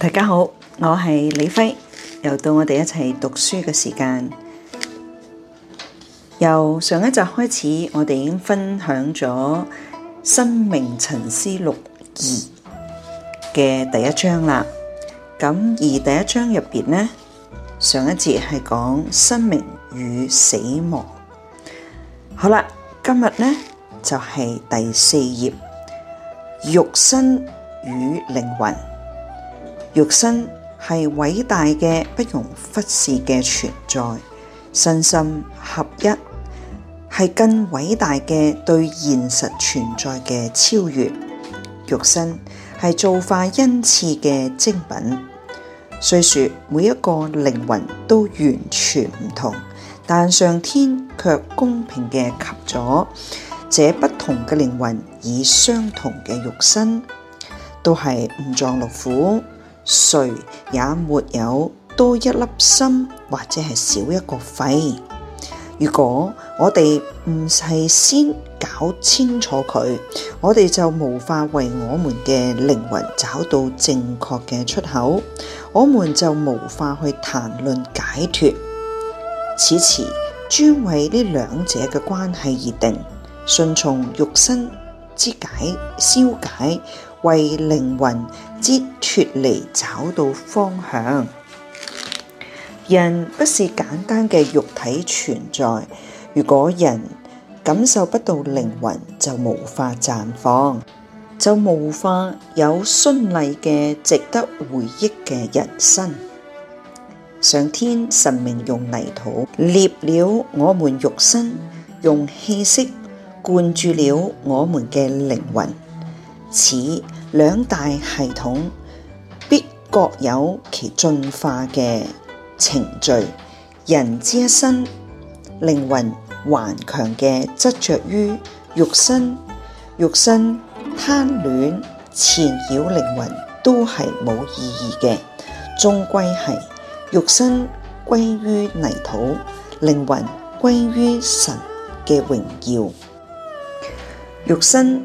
大家好，我係李輝，又到我哋一齊讀書嘅時間。由上一集開始，我哋已經分享咗《生命沉思錄二》嘅第一章啦。咁而第一章入面呢，上一節係講生命與死亡。好啦，今日呢就係、是、第四頁，肉身與靈魂。肉身係偉大嘅，不容忽視嘅存在；身心合一係更偉大嘅，對現實存在嘅超越。肉身係造化恩賜嘅精品。雖說每一個靈魂都完全唔同，但上天卻公平嘅給咗這不同嘅靈魂以相同嘅肉身，都係五臟六腑。誰也沒有多一粒心或者係少一個肺。如果我哋唔係先搞清楚佢，我哋就無法為我們嘅靈魂找到正確嘅出口，我們就無法去談論解脫。此詞專為呢兩者嘅關係而定，順從肉身之解消解，為靈魂之脫離，找到方向。人不是簡單嘅肉體存在，如果人感受不到靈魂，就無法綻放，就無法有絢麗嘅值得回憶嘅人生。上天神明用泥土捏了我們肉身，用氣息灌注了我們嘅靈魂。此兩大系統必各有其進化嘅程序。人之一身，靈魂頑強嘅執着於肉身，肉身貪戀纏繞靈魂都係冇意義嘅，終歸係肉身歸於泥土，靈魂歸於神嘅榮耀。肉身。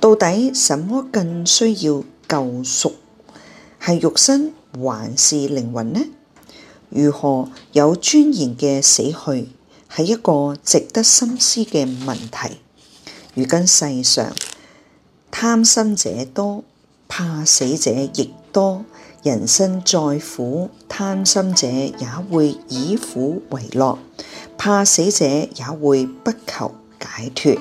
到底什麼更需要救贖，係肉身還是靈魂呢？如何有尊嚴嘅死去，係一個值得深思嘅問題。如今世上，貪心者多，怕死者亦多。人生再苦，貪心者也會以苦為樂，怕死者也會不求解脫。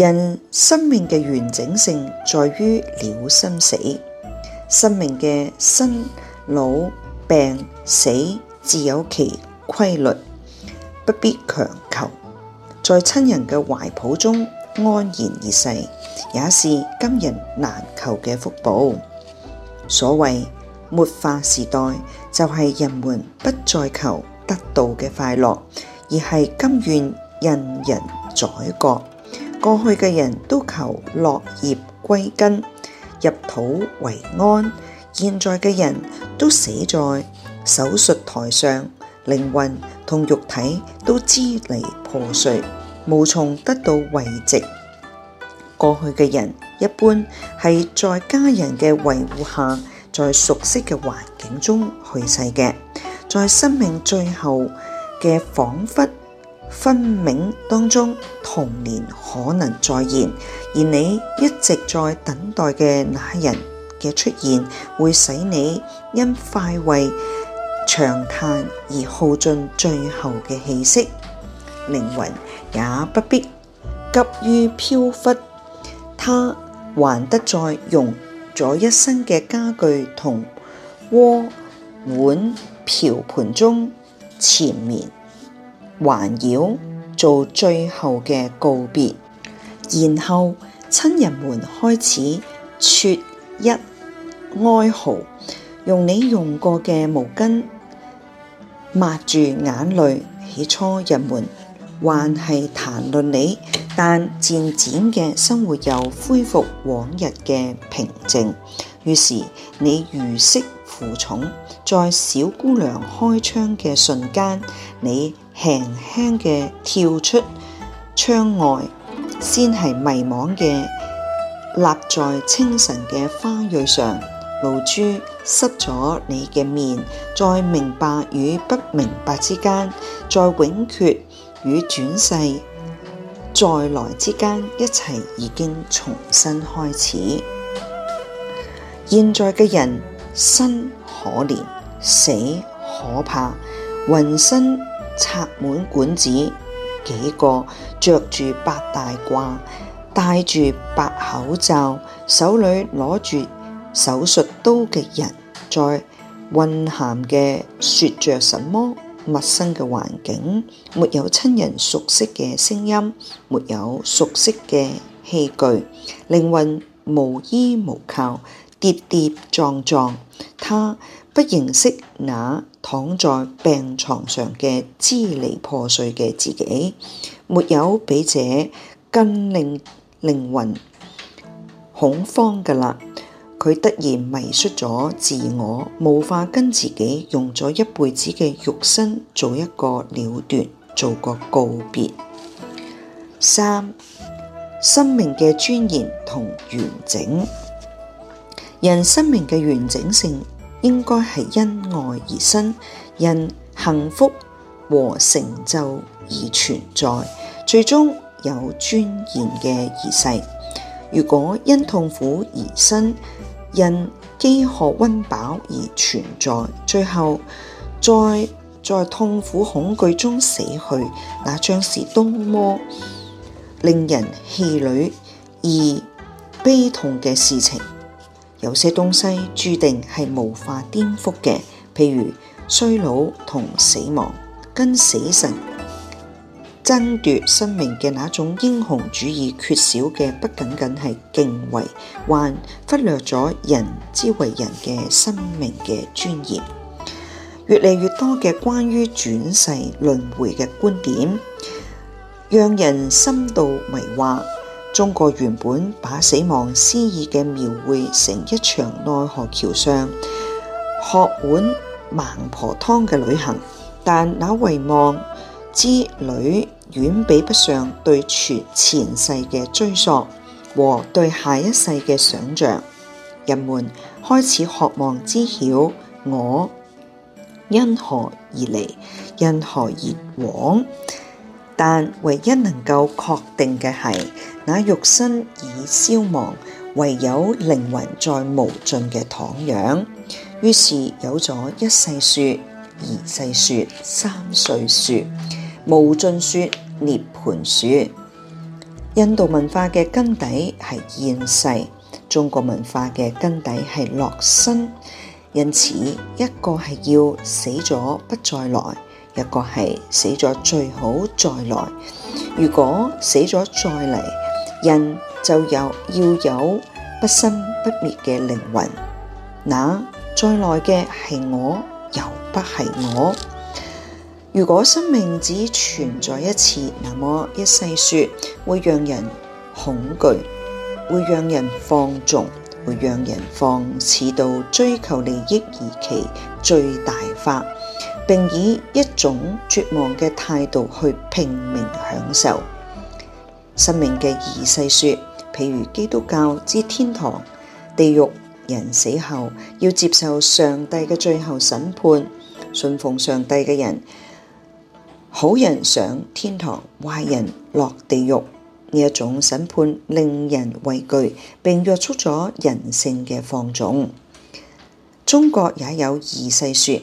人生命的完整性在於了生死，生命的生、老、病、死，自有其規律，不必強求，在親人的懷抱中安然而逝,也是今人難求的福報。所謂，末法時代就是人們不再求得到的快樂，而是甘願任人宰割。過去嘅人都求落葉歸根，入土為安；現在嘅人都死在手術台上，靈魂同肉體都支離破碎，無從得到慰藉。過去嘅人一般係在家人嘅維護下，在熟悉嘅環境中去世嘅，在生命最後嘅彷彿分明當中。童年可能再現，而你一直在等待嘅那人嘅出現，會使你因快慰長嘆而耗盡最後嘅氣息。靈魂也不必急於飄忽，他還得再用咗一生嘅家具同鍋碗瓢瓢盆中纏綿環繞。做最後嘅告別，然後親人們開始啜泣哀嚎，用你用過嘅毛巾抹住眼淚。起初人們還係談論你，但漸漸嘅生活又恢復往日嘅平靜。於是你如釋負重，在小姑娘開窗嘅瞬間，你。輕輕嘅跳出窗外，先係迷茫嘅立在清晨嘅花蕊上，露珠濕咗你嘅面，在明白與不明白之間，在永決與轉世再來之間，一切已經重新開始。現在嘅人生可憐，死可怕，渾身。插滿管子，幾個着住白大褂、戴住白口罩、手裏攞住手術刀嘅人，在混含嘅說着什麼陌生嘅環境，沒有親人熟悉嘅聲音，沒有熟悉嘅器具，靈魂無依無靠。跌跌撞撞，他不認識那躺在病床上嘅支離破碎嘅自己，沒有比這更令靈魂恐慌嘅啦。佢突然迷失咗自我，無法跟自己用咗一輩子嘅肉身做一個了斷，做個告別。三、生命嘅尊嚴同完整。人生命嘅完整性應該係因愛而生，因幸福和成就而存在，最終有尊嚴嘅儀式。如果因痛苦而生，因飢渴温飽而存在，最後再在痛苦恐懼中死去，那將是多麼令人氣餒而悲痛嘅事情！有些東西注定係無法顛覆嘅，譬如衰老同死亡，跟死神爭奪生命嘅那種英雄主義，缺少嘅不僅僅係敬畏，還忽略咗人之為人嘅生命嘅尊嚴。越嚟越多嘅關於轉世輪迴嘅觀點，讓人深度迷惑。中國原本把死亡詩意嘅描繪成一場奈何橋上喝碗孟婆湯嘅旅行，但那遺忘之旅遠比不上對全前世嘅追索和對下一世嘅想象。人們開始渴望知曉我因何而嚟，因何而往。但唯一能夠確定嘅係，那肉身已消亡，唯有靈魂在無盡嘅徜徉。於是有咗一世説，二世説，三世説，無盡説，涅槃説。印度文化嘅根底係現世，中國文化嘅根底係落生，因此一個係要死咗不再來。一個係死咗最好再來，如果死咗再嚟，人就有，要有不生不滅嘅靈魂。那再來嘅係我，又不係我。如果生命只存在一次，那麼一世說會讓人恐懼，會讓人放縱，會讓人放肆到追求利益而其最大化。並以一種絕望嘅態度去拼命享受生命嘅異世說，譬如基督教之天堂、地獄，人死後要接受上帝嘅最後審判，信奉上帝嘅人好人上天堂，壞人落地獄。呢一種審判令人畏懼，並約束咗人性嘅放縱。中國也有異世說。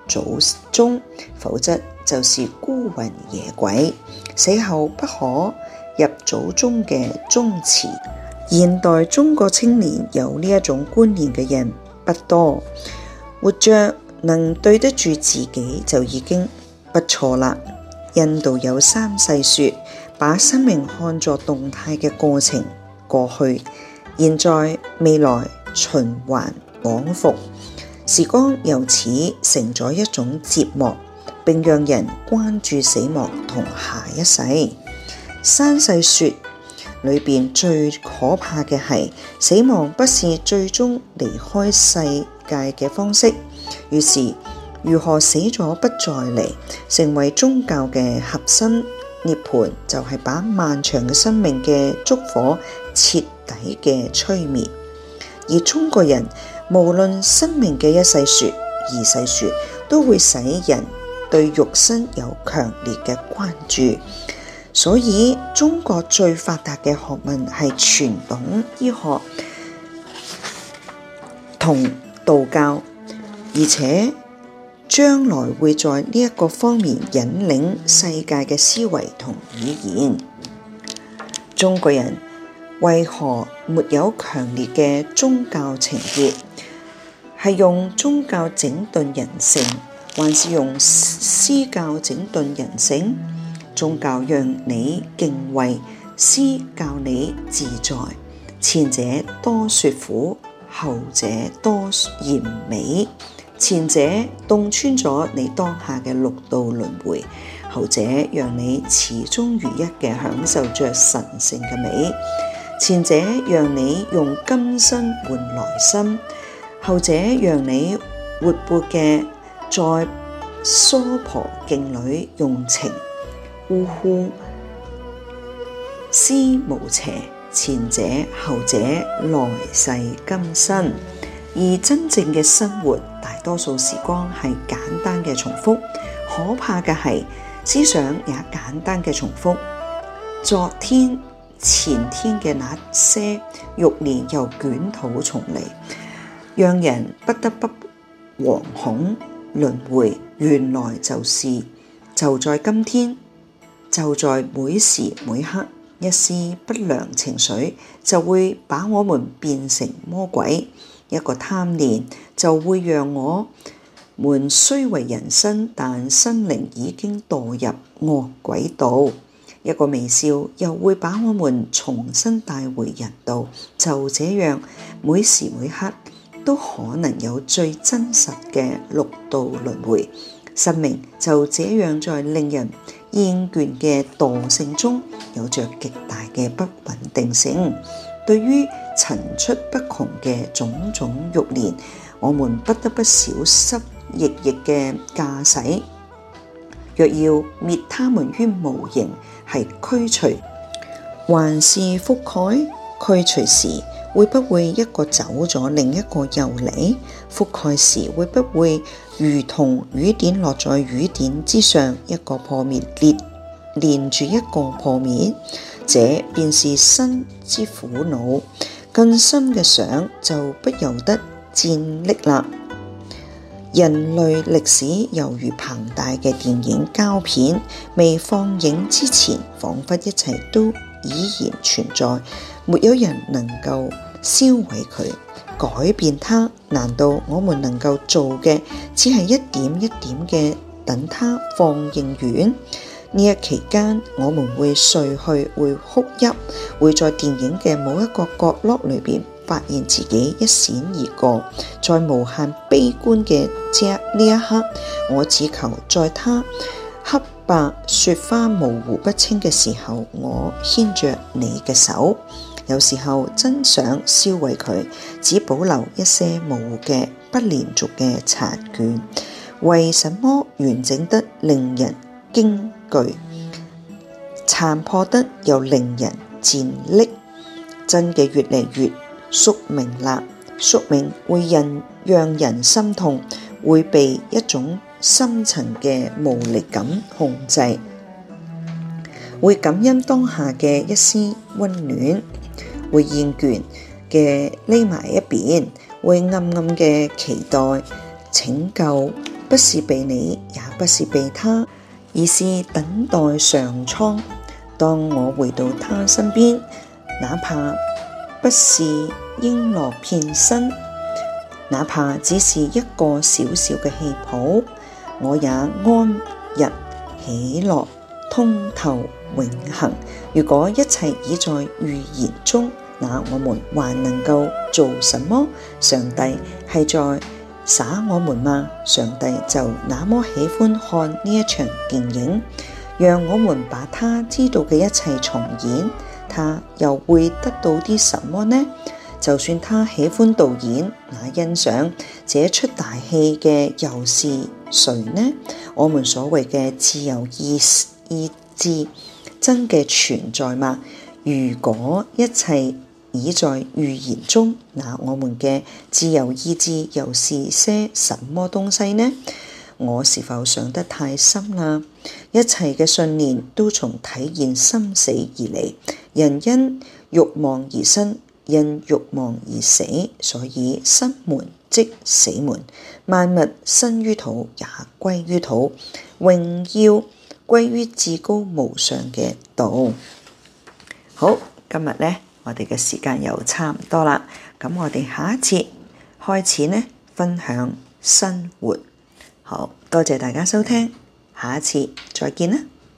祖宗，否則就是孤魂野鬼，死後不可入祖宗嘅宗祠。現代中國青年有呢一種觀念嘅人不多，活着能對得住自己就已經不錯啦。印度有三世說，把生命看作動態嘅過程，過去、現在、未來循環往復。時光由此成咗一種折磨，並讓人關注死亡同下一世。山世說裏邊最可怕嘅係死亡，不是最終離開世界嘅方式，於是如何死咗不再嚟，成為宗教嘅核心。涅盤就係把漫長嘅生命嘅燭火徹底嘅吹滅，而中國人。無論生命嘅一世說、二世說，都會使人對肉身有強烈嘅關注。所以中國最發達嘅學問係傳統醫學同道教，而且將來會在呢一個方面引領世界嘅思維同語言。中國人。為何沒有強烈嘅宗教情結？係用宗教整頓人性，還是用詩教整頓人性？宗教讓你敬畏，詩教你自在。前者多說苦，後者多言美。前者洞穿咗你當下嘅六道輪迴，後者讓你始終如一嘅享受着神聖嘅美。前者讓你用今生換來生，後者讓你活潑嘅在娑婆境裏用情。呼呼，思無邪，前者後者來世今生。而真正嘅生活，大多數時光係簡單嘅重複。可怕嘅係，思想也簡單嘅重複。昨天。前天嘅那些慾念又捲土重嚟，讓人不得不惶恐。輪回原來就是就在今天，就在每時每刻，一絲不良情緒就會把我們變成魔鬼。一個貪念就會讓我們雖為人身，但心靈已經墮入惡鬼道。一個微笑又會把我們重新帶回人道，就這樣每時每刻都可能有最真實嘅六道輪迴。生命就這樣在令人厭倦嘅惰性中，有着極大嘅不穩定性。對於層出不窮嘅種種慾念，我們不得不小心翼翼嘅駕駛。若要滅他們於無形，係驅除，還是覆蓋？驅除時，會不會一個走咗，另一個又嚟？覆蓋時，會不會如同雨點落在雨點之上，一個破滅，連連住一個破滅？這便是身之苦惱。更深嘅想，就不由得戰慄啦。人類歷史猶如龐大嘅電影膠片，未放映之前，彷彿一切都已然存在，沒有人能夠銷毀佢、改變它。難道我們能夠做嘅，只係一點一點嘅等它放映完？呢一期間，我們會睡去，會哭泣，會在電影嘅某一個角落裏邊。發現自己一閃而過，在無限悲觀嘅這呢一刻，我只求在他黑白雪花模糊不清嘅時候，我牽着你嘅手。有時候真想銷毀佢，只保留一些模糊嘅不連續嘅殘卷。為什麼完整得令人驚懼，殘破得又令人戰栗？真嘅越嚟越。宿命啦，宿命會人讓人心痛，會被一種深層嘅無力感控制，會感恩當下嘅一絲温暖，會厭倦嘅匿埋一邊，會暗暗嘅期待，拯救不是畀你，也不是畀他，而是等待上蒼。當我回到他身邊，哪怕。不是瓔珞片身，哪怕只是一個小小嘅氣泡，我也安逸喜樂，通透永恆。如果一切已在預言中，那我們還能夠做什麼？上帝係在耍我們嗎？上帝就那麼喜歡看呢一場電影，讓我們把他知道嘅一切重演。他又會得到啲什麼呢？就算他喜歡導演，那欣賞這出大戲嘅又是誰呢？我們所謂嘅自由意志意志真嘅存在嗎？如果一切已在預言中，那我們嘅自由意志又是些什麼東西呢？我是否想得太深啦？一切嘅信念都從體現生死而嚟，人因欲望而生，因欲望而死，所以生門即死門。萬物生於土，也歸於土，榮耀歸於至高無上嘅道。好，今日咧，我哋嘅時間又差唔多啦，咁我哋下一次開始咧，分享生活。好，多謝大家收聽，下一次再見啦！